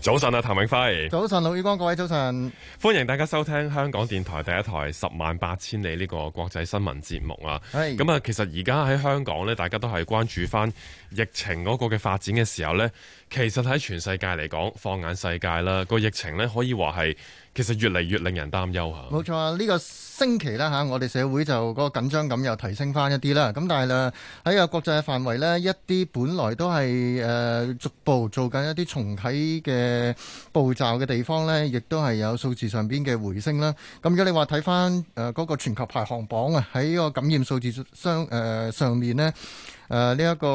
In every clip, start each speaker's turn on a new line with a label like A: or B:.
A: 早晨啊，譚永輝。早晨，盧宇光，各位早晨，歡迎大家收聽香港電台第一台《十萬八千里》呢個國際新聞節目啊。係。咁啊，其實而家喺香港咧，大家都係關注翻疫情嗰個嘅發展嘅時候咧，其實喺全世界嚟講，放眼世界啦，個疫情咧可以話係，其實越嚟越令人擔憂吓。
B: 冇錯啊，呢、這個。星期啦嚇，我哋社會就個緊張感又提升翻一啲啦。咁但係咧，喺個國際嘅範圍呢，一啲本來都係誒逐步做緊一啲重啟嘅步驟嘅地方呢，亦都係有數字上邊嘅回升啦。咁如果你話睇翻誒嗰個全球排行榜啊，喺個感染數字上誒上面呢。誒、呃、呢、呢個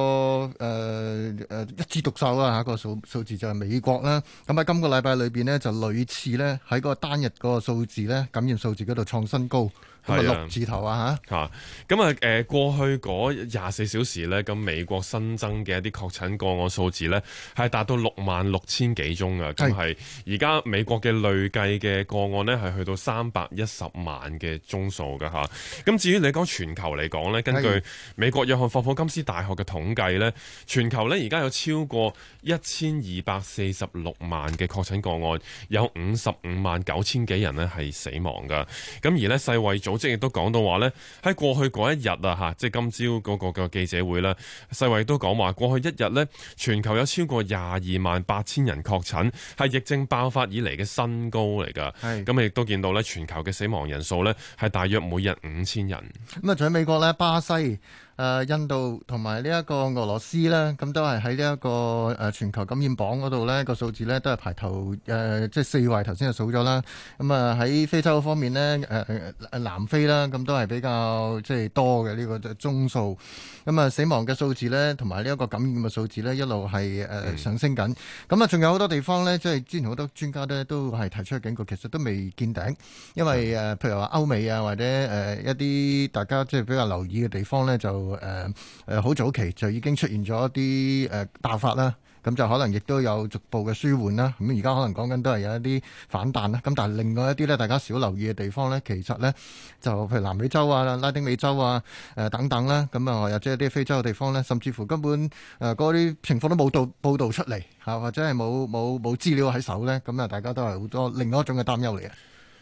B: 呃呃、一個一枝獨秀啦，一、啊這個數字就係美國啦。咁喺今個禮拜裏面呢，就屢次呢喺個單日嗰個數字呢，感染數字嗰度創新高。係啊！字頭啊，
A: 吓吓咁啊！誒，過去嗰廿四小時咧，咁美國新增嘅一啲確診個案數字咧，係達到六萬六千幾宗啊，咁係而家美國嘅累計嘅個案咧，係去到三百一十萬嘅宗數噶吓。咁至於你講全球嚟講咧，根據美國約翰霍普金斯大學嘅統計咧，全球咧而家有超過一千二百四十六萬嘅確診個案，有五十五萬九千幾人咧係死亡噶。咁而咧世衛組主席亦都講到話咧，喺過去嗰一日啊嚇，即係今朝嗰個嘅記者會咧，世衛都講話過去一日咧，全球有超過廿二萬八千人確診，係疫症爆發以嚟嘅新高嚟㗎。係咁，亦都見到咧，全球嘅死亡人數咧係大約每日五千人。
B: 咁啊，仲喺美國咧，巴西。誒、啊、印度同埋呢一個俄羅斯呢咁都係喺呢一個誒全球感染榜嗰度呢個數字呢，都係排頭誒，即係四位頭先就數咗啦。咁啊喺非洲方面呢，誒、呃、南非啦，咁都係比較即係多嘅呢、呢個宗數。咁、嗯、啊死亡嘅數字呢，同埋呢一個感染嘅數字呢，一路係、呃、上升緊。咁啊仲有好多地方呢，即係之前好多專家呢，都係提出嘅警告，其實都未見頂，因為誒譬如話歐美啊，或者誒一啲大家即係比較留意嘅地方呢，就。誒、呃、誒，好、呃、早期就已經出現咗一啲誒爆發啦，咁就可能亦都有逐步嘅舒緩啦。咁而家可能講緊都係有一啲反彈啦。咁但係另外一啲呢，大家少留意嘅地方呢，其實呢，就譬如南美洲啊、拉丁美洲啊、誒、呃、等等啦，咁啊或者一啲非洲嘅地方呢，甚至乎根本誒嗰啲情況都冇報報道出嚟，吓、啊，或者係冇冇冇資料喺手呢。咁、嗯、啊大家都係好多另外一種嘅擔憂嚟嘅。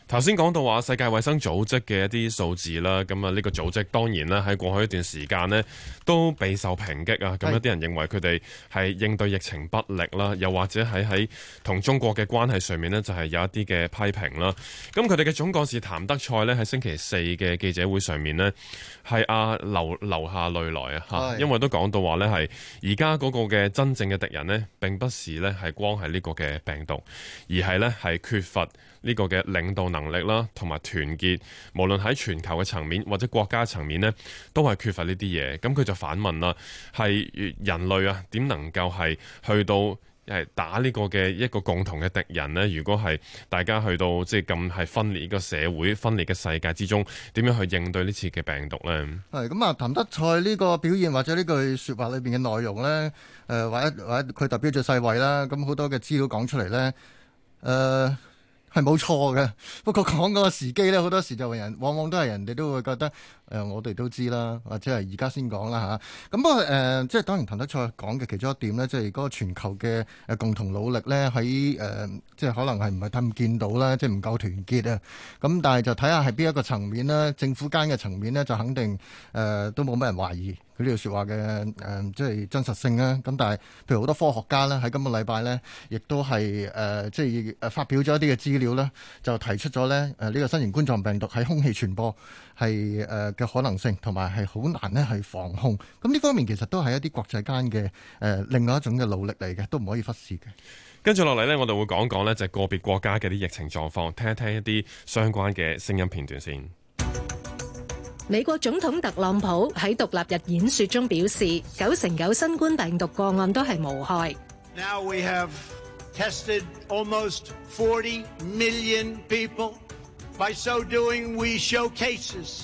A: 頭先講到話世界衛生組織嘅一啲數字啦，咁啊呢個組織當然啦喺過去一段時間呢都備受抨擊啊，咁一啲人認為佢哋係應對疫情不力啦，又或者喺喺同中國嘅關係上面呢，就係有一啲嘅批評啦。咁佢哋嘅總幹事譚德塞呢，喺星期四嘅記者會上面呢，係啊流流下淚來啊吓，因為都講到話呢，係而家嗰個嘅真正嘅敵人呢，並不是呢，係光係呢個嘅病毒，而係呢，係缺乏。呢個嘅領導能力啦，同埋團結，無論喺全球嘅層面或者國家層面呢，都係缺乏呢啲嘢。咁佢就反問啦：「係人類啊，點能夠係去到誒打呢個嘅一個共同嘅敵人呢？如果係大家去到即係咁係分裂呢個社會、分裂嘅世界之中，點樣去應對呢次嘅病毒呢？」
B: 係咁啊，譚德塞呢個表現或者呢句説話裏邊嘅內容呢，誒，或者或者佢代表著世衞啦。咁好多嘅資料講出嚟呢。誒。係冇錯嘅，不過講嗰個時機咧，好多時就人往往都係人哋都會覺得。誒、呃，我哋都知啦，或者係而家先講啦吓，咁、啊、不過、呃、即係當然譚德塞講嘅其中一點呢，即係嗰個全球嘅誒共同努力呢，喺誒、呃、即係可能係唔係太唔見到啦，即係唔夠團結啊。咁但係就睇下係邊一個層面咧，政府間嘅層面呢，就肯定誒、呃、都冇咩人懷疑佢呢個説話嘅誒、呃、即係真實性啦。咁但係譬如好多科學家呢，喺今個禮拜呢，亦都係誒、呃、即係誒發表咗一啲嘅資料呢，就提出咗呢，誒、呃、呢、呢個新型冠狀病毒喺空氣傳播係誒、是呃嘅可能性，同埋係好難咧，去防控。咁呢方面其實都係一啲國際間嘅誒，另外一種嘅努力嚟嘅，都唔可以忽視嘅。
A: 跟住落嚟咧，我哋會講講咧，就係個別國家嘅啲疫情狀況，聽一聽一啲相關嘅聲音片段先。
C: 美國總統特朗普喺獨立日演說中表示，九成九新冠病毒個案都係無害。
D: Now we have tested almost forty million people. By so doing, we show cases.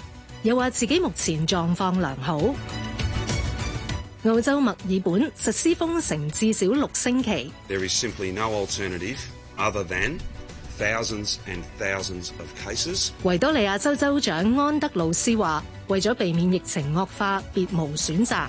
C: 又話自己目前狀況良好。澳洲墨爾本實施封城至少六星期。
A: There is simply no alternative other than thousands and thousands of cases.
C: 維多利亞州州長安德魯斯話：為咗避免疫情惡化，別無選擇。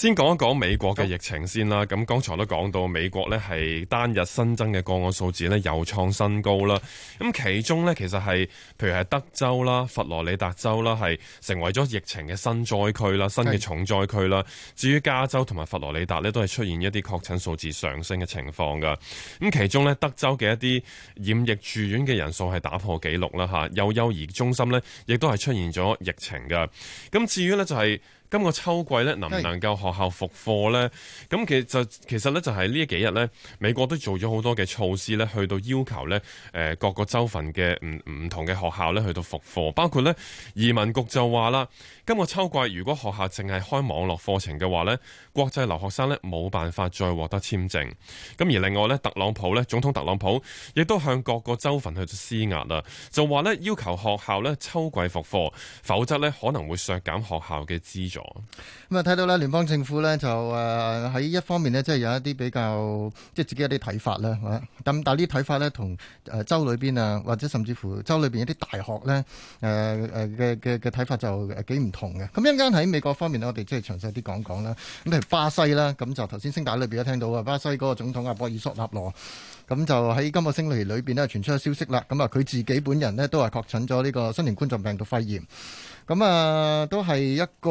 A: 先講一講美國嘅疫情先啦。咁剛才都講到美國呢係單日新增嘅個案數字呢又創新高啦。咁其中呢，其實係，譬如係德州啦、佛羅里達州啦，係成為咗疫情嘅新災區啦、新嘅重災區啦。至於加州同埋佛羅里達呢，都係出現一啲確診數字上升嘅情況噶。咁其中呢，德州嘅一啲染疫住院嘅人數係打破紀錄啦，嚇。有幼兒中心呢，亦都係出現咗疫情㗎。咁至於呢，就係、是。今個秋季咧，能唔能夠學校復課呢？咁其實就其實咧，就係呢幾日咧，美國都做咗好多嘅措施咧，去到要求咧，誒各個州份嘅唔唔同嘅學校咧，去到復課。包括呢移民局就話啦，今個秋季如果學校淨係開網絡課程嘅話呢，國際留學生咧冇辦法再獲得簽證。咁而另外呢，特朗普咧，總統特朗普亦都向各個州份去施壓啦，就話咧要求學校咧秋季復課，否則咧可能會削減學校嘅資助。
B: 咁、嗯、啊，睇到咧，聯邦政府呢就誒喺、呃、一方面呢，即、就、係、是、有一啲比較，即係自己有一啲睇法啦。咁、嗯、但係呢啲睇法呢，同誒、呃、州裏邊啊，或者甚至乎州裏邊一啲大學呢誒誒嘅嘅嘅睇法就幾唔同嘅。咁一陣間喺美國方面呢，我哋即係詳細啲講講啦。咁譬如巴西啦，咁就頭先聲帶裏邊都聽到嘅，巴西嗰個總統阿博爾索納羅，咁就喺今個星期裏邊呢傳出咗消息啦。咁啊，佢自己本人呢，都係確診咗呢個新型冠狀病毒肺炎。咁啊、呃，都係一個誒、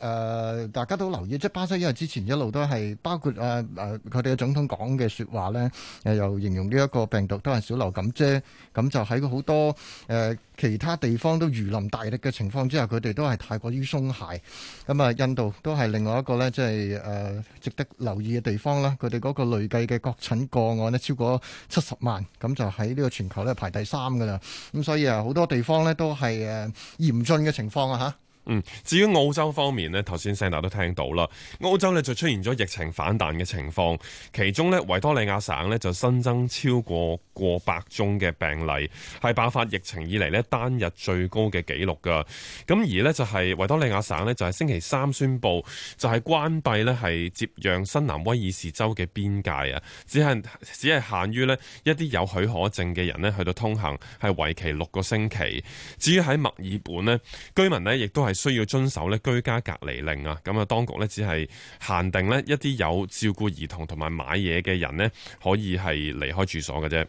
B: 呃、大家都留意，即係巴西，因為之前一路都係包括誒誒佢哋嘅總統講嘅說話咧，誒、呃、又形容呢一個病毒都係小流感啫。咁就喺好多誒、呃、其他地方都如臨大敵嘅情況之下，佢哋都係太過於鬆懈。咁啊，印度都係另外一個咧，即係誒、呃、值得留意嘅地方啦。佢哋嗰個累計嘅確診個案咧超過七十萬，咁就喺呢個全球咧排第三噶啦。咁所以啊，好多地方咧都係誒嚴峻嘅情況啊吓。
A: 嗯，至於澳洲方面咧，頭先聖達都聽到啦，澳洲咧就出現咗疫情反彈嘅情況，其中咧維多利亞省咧就新增超過過百宗嘅病例，係爆發疫情以嚟咧單日最高嘅紀錄噶。咁而咧就係維多利亞省咧就喺星期三宣布，就係關閉咧係接壤新南威爾士州嘅邊界啊，只係限只係限於咧一啲有許可證嘅人咧去到通行，係為期六個星期。至於喺墨爾本咧，居民咧亦都係。需要遵守咧居家隔離令啊，咁啊當局咧只係限定咧一啲有照顧兒童同埋買嘢嘅人呢，可以係離開住所嘅啫。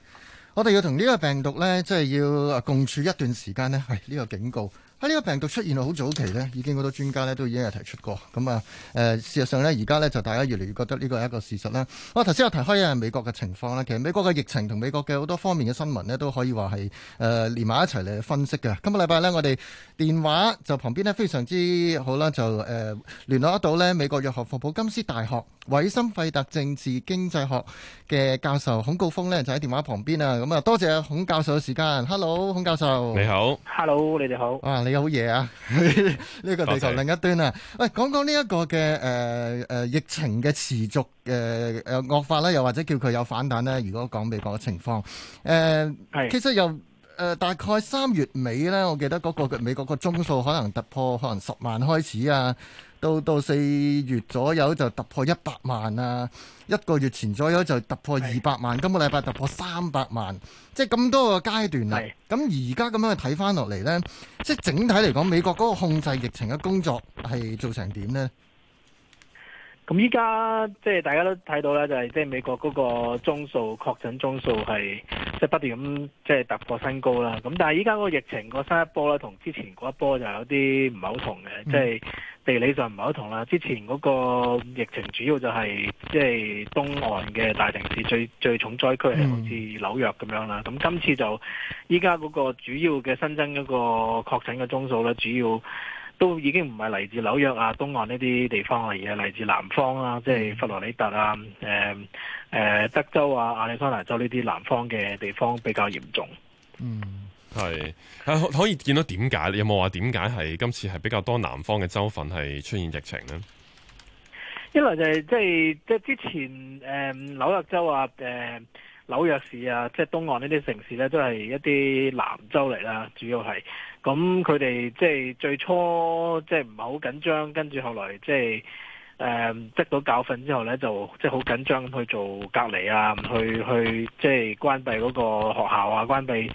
B: 我哋要同呢個病毒咧，即係要共處一段時間呢，係呢個警告，喺呢個病毒出現到好早期呢，已經好多專家呢都已經係提出過。咁、呃、啊，誒事實上呢，而家呢就大家越嚟越覺得呢個係一個事實啦。我頭先有提開啊，美國嘅情況啦。其實美國嘅疫情同美國嘅好多方面嘅新聞呢都可以話係誒連埋一齊嚟分析嘅。今個禮拜呢，我哋電話就旁邊呢非常之好啦，就誒、呃、聯絡得到呢美國約翰霍普金斯大學韋森費特政治經濟學嘅教授孔誥烽呢，就喺電話旁邊啊。咁啊，多謝孔教授嘅時間。Hello，孔教授，你好。Hello，
D: 你哋好。啊。你好嘢啊！
B: 呢個地球另一端啊，喂，講講呢一個嘅，誒誒，疫情嘅持續誒誒惡化咧，又或者叫佢有反彈咧？如果講美國嘅情況，誒、呃，係，其實由誒、呃，大概三月尾咧，我記得嗰個美國個宗數可能突破可能十萬開始啊。到到四月左右就突破一百萬啦、啊，一個月前左右就突破二百萬，今個禮拜突破三百萬，即係咁多個階段啦。咁而家咁樣去睇翻落嚟呢，即係整體嚟講，美國嗰個控制疫情嘅工作係做成點呢？
D: 咁依家即係大家都睇到啦，就係即係美國嗰個宗數確診宗數係即係不斷咁即係突破新高啦。咁但係依家嗰個疫情個新一波啦，同之前嗰一波就有啲唔係好同嘅，即係。地理上唔係好同啦，之前嗰個疫情主要就係、是、即係東岸嘅大城市最最重災區係好似紐約咁樣啦。咁今次就依家嗰個主要嘅新增嗰個確診嘅宗數咧，主要都已經唔係嚟自紐約啊東岸呢啲地方嚟嘅，嚟自南方啦、啊，即係佛羅里達啊、誒、嗯、誒、嗯、德州啊、亞利桑那州呢啲南方嘅地方比較嚴重。嗯。
A: 係，可可以見到點解？有冇話點解係今次係比較多南方嘅州份係出現疫情呢？
D: 因為就係即係即係之前誒紐約州啊，誒紐約市啊，即係東岸呢啲城市咧，都係一啲南州嚟啦，主要係咁佢哋即係最初即係唔係好緊張，跟住後來即係誒得到教訓之後咧，就即係好緊張咁去做隔離啊，去去即係關閉嗰個學校啊，關閉。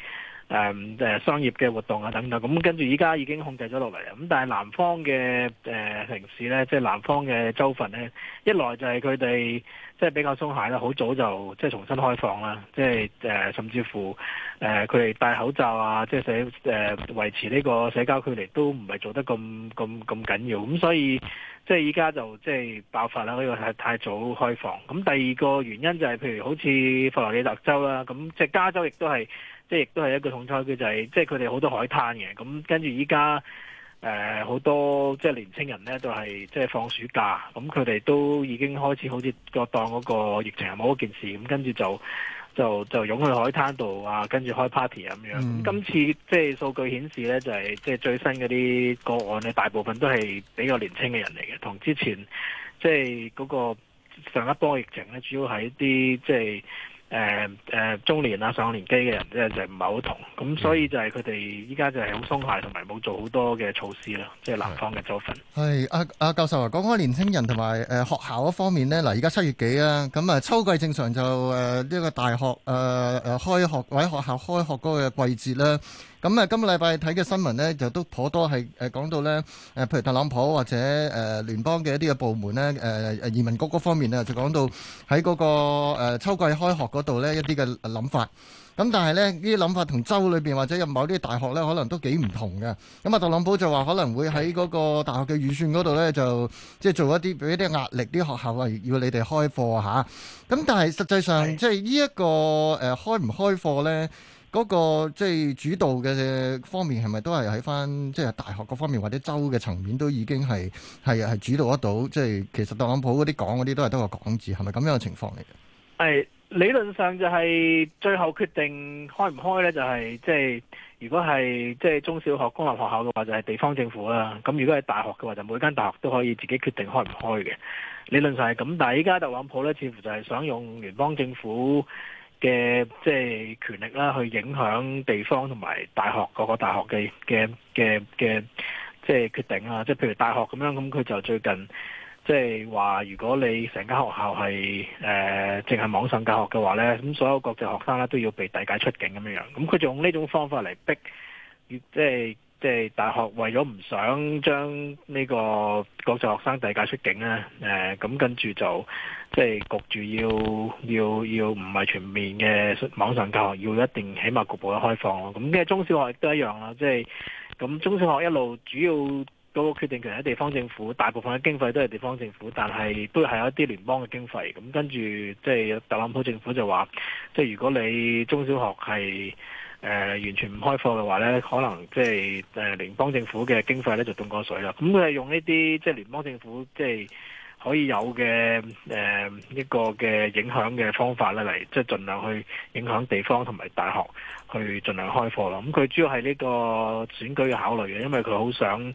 D: 誒誒商業嘅活動啊等等，咁跟住依家已經控制咗落嚟啦。咁但係南方嘅誒、呃、城市咧，即係南方嘅州份咧，一來就係佢哋即係比較鬆懈啦，好早就即係重新開放啦，即係誒、呃、甚至乎誒佢哋戴口罩啊，即係社誒維持呢個社交距離都唔係做得咁咁咁緊要，咁所以。即係依家就即係爆發啦！呢個係太早開放。咁第二個原因就係，譬如好似佛羅里達州啦，咁即係加州亦都係，即係亦都係一個重災區，佢就係即係佢哋好多海灘嘅。咁跟住依家誒好多即係年青人咧，都係即係放暑假，咁佢哋都已經開始好似個當嗰個疫情係冇一件事，咁跟住就。就就湧去海灘度啊，跟住開 party 咁樣、嗯。今次即係數據顯示咧，就係、是、即係最新嗰啲個案咧，大部分都係比較年青嘅人嚟嘅，同之前即係嗰、那個上一波疫情咧，主要係啲即係。誒、呃呃、中年啊上年紀嘅人咧就唔係好同，咁所以就係佢哋依家就係好鬆懈，同埋冇做好多嘅措施啦即係南方嘅州份，
B: 係啊啊教授啊，講開年輕人同埋誒學校嗰方面咧，嗱依家七月幾啦？咁啊秋季正常就誒呢、呃呢個大學誒誒、呃、開學或者學校開學嗰個季節咧。咁、嗯、啊，今個禮拜睇嘅新聞呢，就都頗多係誒講到呢。譬如特朗普或者誒、呃、聯邦嘅一啲嘅部門呢，呃、移民局嗰方面呢，就講到喺嗰、那個、呃、秋季開學嗰度呢，一啲嘅諗法。咁、嗯、但係呢，呢啲諗法同州裏面或者入某啲大學呢，可能都幾唔同嘅。咁、嗯、啊，特朗普就話可能會喺嗰個大學嘅預算嗰度呢，就即係做一啲俾啲壓力，啲學校要你哋開課吓咁、啊嗯、但係實際上，即係呢一個誒、呃、開唔開課呢。嗰、那個即係、就是、主導嘅方面係咪都係喺返即係大學嗰方面或者州嘅層面都已經係係主導得到？即、就、係、是、其實特朗普嗰啲講嗰啲都係得個講字，係咪咁樣嘅情況嚟嘅？
D: 係理論上就係最後決定開唔開呢，就是？就係即係如果係即係中小學公立學校嘅話，就係地方政府啦。咁如果係大學嘅話，就每間大學都可以自己決定開唔開嘅。理論上係咁，但係依家特朗普呢，似乎就係想用聯邦政府。嘅即係權力啦，去影響地方同埋大學各個大學嘅嘅嘅嘅即係決定啊！即係譬如大學咁樣，咁佢就最近即係話，如果你成間學校係誒淨係網上教學嘅話呢，咁所有國際學生呢都要被遞解出境咁樣樣。咁佢就用呢種方法嚟逼，即係即係大學為咗唔想將呢個國際學生遞解出境呢，誒呃咁跟住就。即係焗住要要要唔係全面嘅網上教學，要一定起碼局部嘅開放咯。咁跟住中小學亦都一樣啦。即係咁中小學一路主要嗰個決定權喺地方政府，大部分嘅經費都係地方政府，但係都係有一啲聯邦嘅經費。咁跟住即係特朗普政府就話，即係如果你中小學係誒完全唔開放嘅話呢，可能即係誒聯邦政府嘅經費呢就凍過水啦。咁佢係用呢啲即係聯邦政府即係。就是可以有嘅誒、呃、一個嘅影響嘅方法咧，嚟即係盡量去影響地方同埋大學去盡量開課咯。咁、嗯、佢主要係呢個選舉嘅考慮嘅，因為佢好想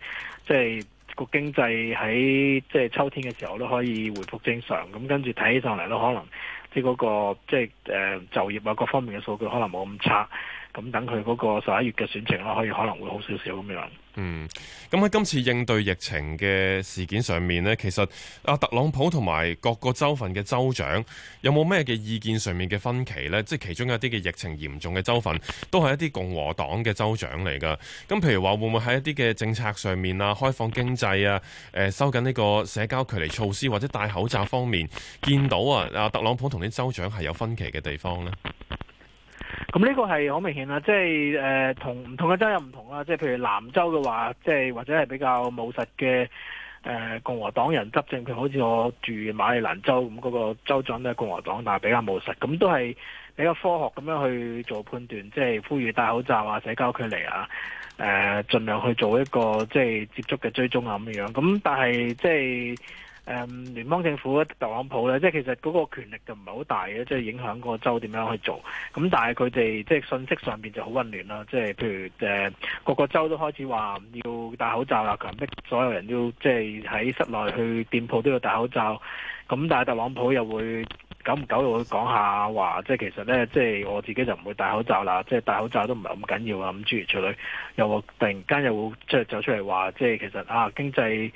D: 即係個經濟喺即係秋天嘅時候都可以回復正常。咁、嗯、跟住睇起上嚟都可能即係、那、嗰個即係誒、呃、就業啊各方面嘅數據可能冇咁差。咁、嗯、等佢嗰個十一月嘅選情咯，可以可能會好少少咁樣。
A: 嗯，咁喺今次應對疫情嘅事件上面呢，其實阿特朗普同埋各個州份嘅州長有冇咩嘅意見上面嘅分歧呢？即其中有啲嘅疫情嚴重嘅州份，都係一啲共和黨嘅州長嚟噶。咁譬如話會唔會喺一啲嘅政策上面啊，開放經濟啊，誒收緊呢個社交距離措施或者戴口罩方面，見到啊啊特朗普同啲州長係有分歧嘅地方呢？
D: 咁呢個係好明顯啦，即係誒，呃、同唔同嘅州有唔同啦。即係譬如南州嘅話，即係或者係比較務實嘅誒、呃、共和黨人執政，譬如好似我住馬里蘭州咁，嗰、那個州長都係共和黨，但係比較務實，咁都係比較科學咁樣去做判斷，即係呼籲戴口罩啊，社交距離啊，誒、呃、盡量去做一個即係接觸嘅追蹤啊咁樣。咁但係即係。誒、嗯、聯邦政府，特朗普咧，即係其實嗰個權力就唔係好大嘅，即係影響個州點樣去做。咁但係佢哋即係信息上邊就好混亂啦。即係譬如誒，個、呃、個州都開始話要戴口罩啦，強迫所有人要即係喺室內去店鋪都要戴口罩。咁但係特朗普又會久唔久又會講下話，即係其實咧，即係我自己就唔會戴口罩啦，即係戴口罩都唔係咁緊要啊，咁諸如此類。又會突然間又會即係走出嚟話，即係其實啊，經濟，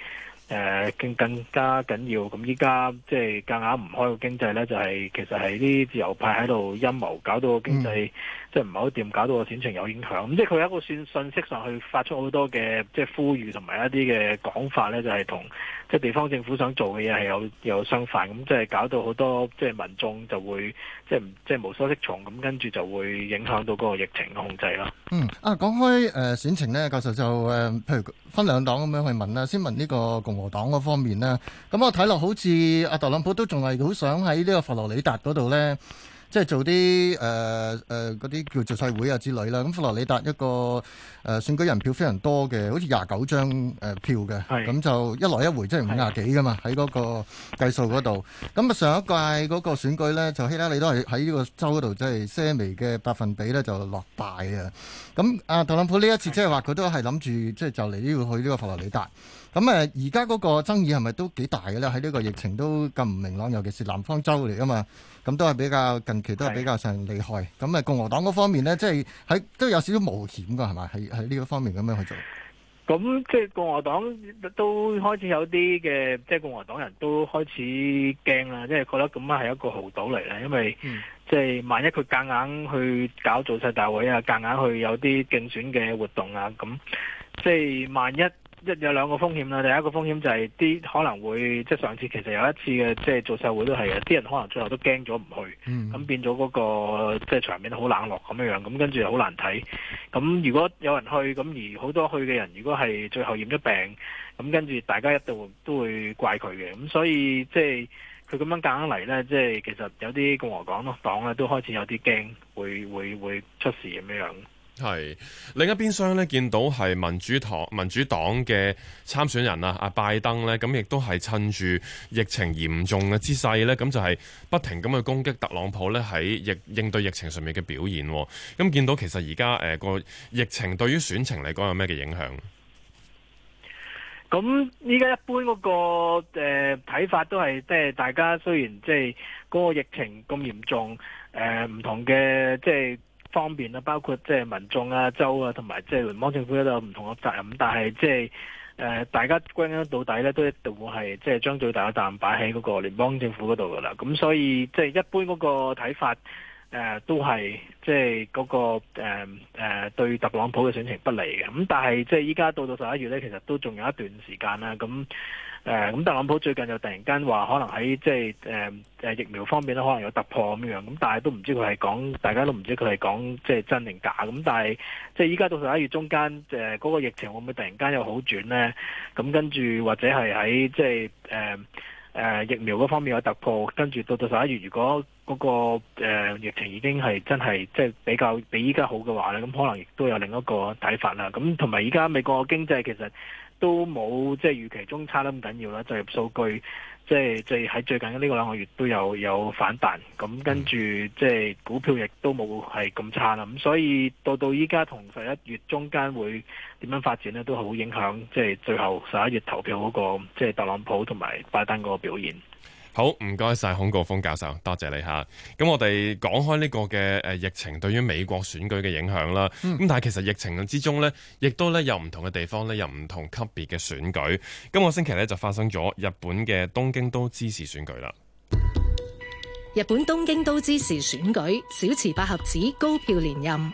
D: 誒，更更加緊要，咁依家即係夾硬唔開個經濟呢，就係其實係啲自由派喺度陰謀搞到個經濟、嗯。即係唔係好掂搞到個選情有影響咁，即係佢有一個算信息上去發出好多嘅即係呼籲同埋一啲嘅講法咧，就係同即係地方政府想做嘅嘢係有有相反，咁即係搞到好多即係民眾就會即係即係無所適從，咁跟住就會影響到嗰個疫情嘅控制囉。
B: 嗯啊，講開誒、呃、選情咧，教授就誒、呃、譬如分兩黨咁樣去問啦，先問呢個共和黨嗰方面啦。咁我睇落好似阿、啊、特朗普都仲係好想喺呢個佛羅里達嗰度咧。即係做啲誒誒嗰啲叫做世會啊之類啦，咁佛羅里達一個誒、呃、選舉人票非常多嘅，好似廿九張、呃、票嘅，咁就一來一回即係五十幾㗎嘛，喺嗰個計數嗰度。咁啊上一屆嗰個選舉咧，就希拉里都係喺呢個州嗰度，即係些微嘅百分比咧就落敗啊。咁啊特朗普呢一次即係話佢都係諗住即係就嚟呢個去呢個佛羅里達。咁誒，而家嗰個爭議係咪都幾大嘅咧？喺呢個疫情都咁唔明朗，尤其是南方州嚟啊嘛，咁都係比較近期都係比較上厲害。咁誒，共和黨嗰方面咧，即係喺都有少少冒險嘅係咪？喺喺呢個方面咁樣去做。
D: 咁即係共和黨都開始有啲嘅，即係共和黨人都開始驚啦，即係覺得咁樣係一個豪賭嚟啦，因為即係萬一佢夾硬去搞造勢大會啊，夾硬去有啲競選嘅活動啊，咁即係萬一。一有兩個風險啦，第一個風險就係、是、啲可能會即係上次其實有一次嘅即係做社會都係嘅，啲人可能最後都驚咗唔去，咁、嗯、變咗嗰、那個即係場面好冷落咁樣樣，咁跟住又好難睇。咁如果有人去，咁而好多去嘅人如果係最後染咗病，咁跟住大家一度都會怪佢嘅。咁所以即係佢咁樣夾硬嚟呢，即係其實有啲共和黨咯，黨咧都開始有啲驚會會會出事咁樣。係
A: 另一邊廂呢見到係民主黨、民主黨嘅參選人啊，阿拜登呢，咁亦都係趁住疫情嚴重嘅之勢呢，咁就係、是、不停咁去攻擊特朗普呢喺疫應對疫情上面嘅表現、哦。咁見到其實而家誒個疫情對於選情嚟講有咩嘅影響？
D: 咁依家一般嗰、那個誒睇、呃、法都係即係大家雖然即係嗰個疫情咁嚴重，誒、呃、唔同嘅即係。就是方便啦，包括即係民眾啊、州啊，同埋即係聯邦政府都有唔同嘅責任。但係即係誒，大家歸根到底咧，都一定會係即係將最大嘅責任擺喺嗰個聯邦政府嗰度噶啦。咁所以即係一般嗰個睇法，誒、呃、都係即係嗰個誒誒、呃、對特朗普嘅選情不利嘅。咁但係即係依家到到十一月咧，其實都仲有一段時間啦。咁誒、嗯、咁，特朗普最近又突然間話，可能喺即係誒疫苗方面咧，可能有突破咁樣。咁但係都唔知佢係講，大家都唔知佢係講即係真定假。咁但係即係依家到十一月中間，誒、呃、嗰、那個疫情會唔會突然間有好轉咧？咁、嗯、跟住或者係喺即係誒、呃呃、疫苗嗰方面有突破，跟住到到十一月，如果嗰、那個、呃、疫情已經係真係即係比較比依家好嘅話咧，咁可能亦都有另一個睇法啦。咁同埋依家美國經濟其實，都冇即係預期中差得咁緊要啦，就業數據即係最喺最近呢個兩個月都有有反彈，咁跟住即係股票亦都冇係咁差啦，咁所以到到依家同十一月中間會點樣發展呢？都好影響即係最後十一月投票嗰個即係特朗普同埋拜登嗰個表現。
A: 好唔該晒孔誥烽教授，多謝，謝你吓。咁我哋講開呢個嘅誒疫情對於美國選舉嘅影響啦。咁、嗯、但係其實疫情之中咧，亦都咧有唔同嘅地方咧，有唔同級別嘅選舉。今個星期咧就發生咗日本嘅東京都知事選舉啦。
C: 日本東京都知事選舉，小池百合子，百合子高票連任。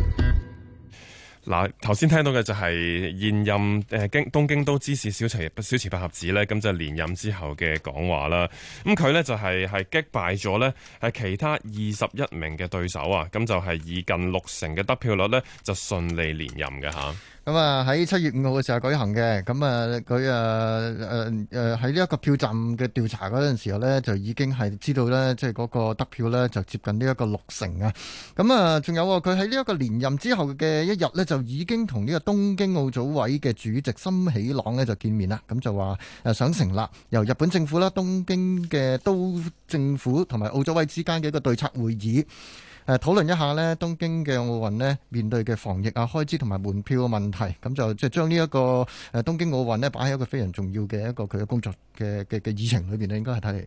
A: 嗱，頭先聽到嘅就係現任誒京東京都知事小池小池百合子咧，咁就連任之後嘅講話啦。咁佢咧就係係擊敗咗咧，係其他二十一名嘅對手啊，咁就係以近六成嘅得票率咧，就順利連任嘅嚇。
B: 咁啊，喺七月五號嘅時候舉行嘅，咁啊，佢啊，誒喺呢一個票站嘅調查嗰陣時候呢，就已經係知道呢，即係嗰個得票呢，就接近呢一個六成啊。咁啊，仲有啊，佢喺呢一個連任之後嘅一日呢，就已經同呢個東京奧組委嘅主席森喜朗呢就見面啦。咁就話誒想成立由日本政府啦、東京嘅都政府同埋奧組委之間嘅一個對策會議。誒、啊、討論一下咧，東京嘅奧運咧面對嘅防疫啊、開支同埋門票嘅問題，咁就即係將呢一個誒東京奧運咧擺喺一個非常重要嘅一個佢嘅工作嘅嘅嘅議程裏邊咧，應該係睇嚟。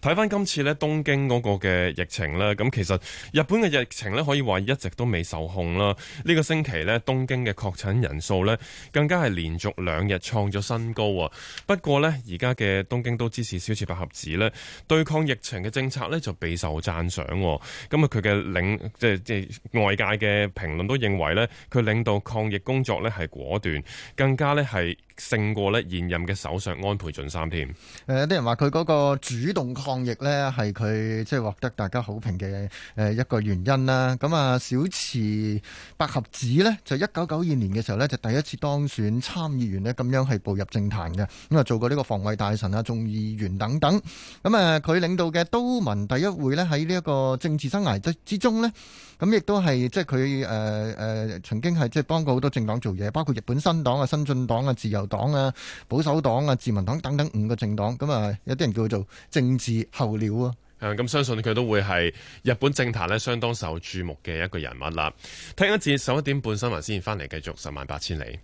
A: 睇翻今次咧，東京嗰個嘅疫情啦。咁其實日本嘅疫情咧，可以話一直都未受控啦。呢個星期咧，東京嘅確診人數咧，更加係連續兩日創咗新高啊！不過呢，而家嘅東京都知事小池百合子咧，對抗疫情嘅政策呢就備受讚賞。咁啊，佢嘅領即係即係外界嘅評論都認為呢佢領導抗疫工作呢係果斷，更加呢係。勝過咧現任嘅首相安倍晉三添。
B: 誒、呃，啲人話佢嗰個主動抗疫呢，係佢即係獲得大家好評嘅誒一個原因啦。咁啊，小池百合子呢，就一九九二年嘅時候呢，就第一次當選參議員呢，咁樣係步入政壇嘅。咁啊，做過呢個防衛大臣啊、眾議員等等。咁啊，佢領導嘅都民第一會呢，喺呢一個政治生涯之中呢，咁亦都係即係佢誒誒曾經係即係幫過好多政黨做嘢，包括日本新黨啊、新進黨啊、自由。黨啊，保守黨啊，自民黨等等五個政黨，咁啊，有啲人叫做政治候鳥
A: 啊。咁、嗯、相信佢都會係日本政壇呢，相當受注目嘅一個人物啦。聽一節十一點半新聞先，翻嚟繼續十萬八千里。